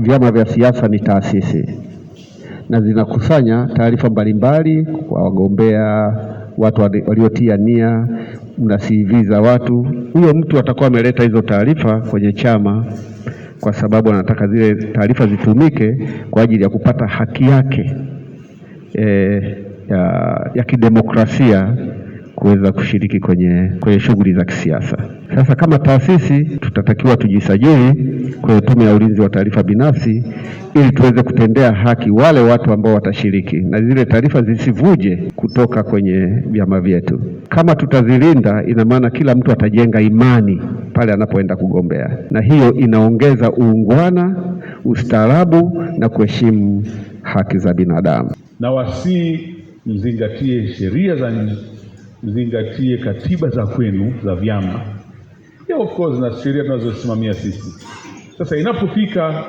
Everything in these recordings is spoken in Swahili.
vyama vya siasa ni taasisi na zinakusanya taarifa mbalimbali kwa wagombea, watu waliotia nia na CV za watu. Huyo mtu atakuwa ameleta hizo taarifa kwenye chama, kwa sababu anataka zile taarifa zitumike kwa ajili ya kupata haki yake e, ya, ya kidemokrasia kuweza kushiriki kwenye, kwenye shughuli za kisiasa. Sasa kama taasisi tutatakiwa tujisajili kwenye Tume ya Ulinzi wa Taarifa Binafsi ili tuweze kutendea haki wale watu ambao watashiriki na zile taarifa zisivuje kutoka kwenye vyama vyetu. Kama tutazilinda, ina maana kila mtu atajenga imani pale anapoenda kugombea, na hiyo inaongeza uungwana, ustaarabu na kuheshimu haki za binadamu. Na wasii mzingatie sheria za nchi, mzingatie katiba za kwenu za vyama of course na sheria tunazosimamia sisi. Sasa inapofika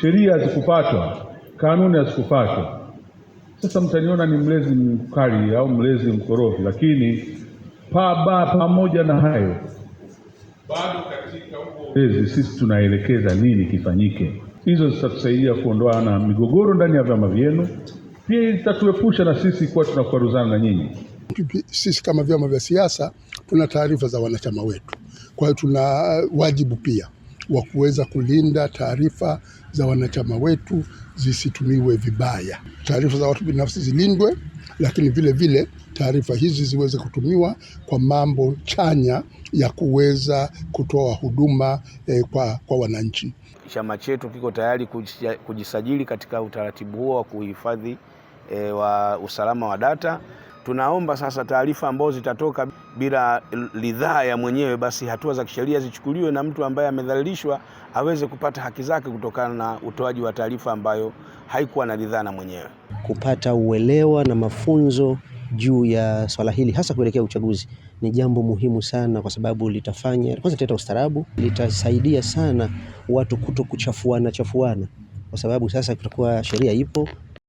sheria hazikufuatwa, kanuni hazikufuatwa, sasa mtaniona ni mlezi mkali au mlezi mkorofi, lakini paba pamoja na hayo bado katika uongozi sisi tunaelekeza nini kifanyike. Hizo zitatusaidia kuondoa na migogoro ndani ya vyama vyenu, pia itatuepusha na sisi kuwa tunakwaruzana na nyinyi. Sisi kama vyama vya siasa tuna taarifa za wanachama wetu kwa hiyo tuna uh, wajibu pia wa kuweza kulinda taarifa za wanachama wetu zisitumiwe vibaya. Taarifa za watu binafsi zilindwe, lakini vile vile taarifa hizi ziweze kutumiwa kwa mambo chanya ya kuweza kutoa huduma eh, kwa, kwa wananchi. Chama chetu kiko tayari kujisajili katika utaratibu huo wa kuhifadhi eh, wa usalama wa data. Tunaomba sasa taarifa ambazo zitatoka bila ridhaa ya mwenyewe, basi hatua za kisheria zichukuliwe na mtu ambaye amedhalilishwa aweze kupata haki zake kutokana na utoaji wa taarifa ambayo haikuwa na ridhaa na mwenyewe. Kupata uelewa na mafunzo juu ya swala hili hasa kuelekea uchaguzi ni jambo muhimu sana, kwa sababu litafanya kwanza, litaleta ustaarabu, litasaidia sana watu kuto kuchafuana chafuana, kwa sababu sasa kutakuwa sheria ipo.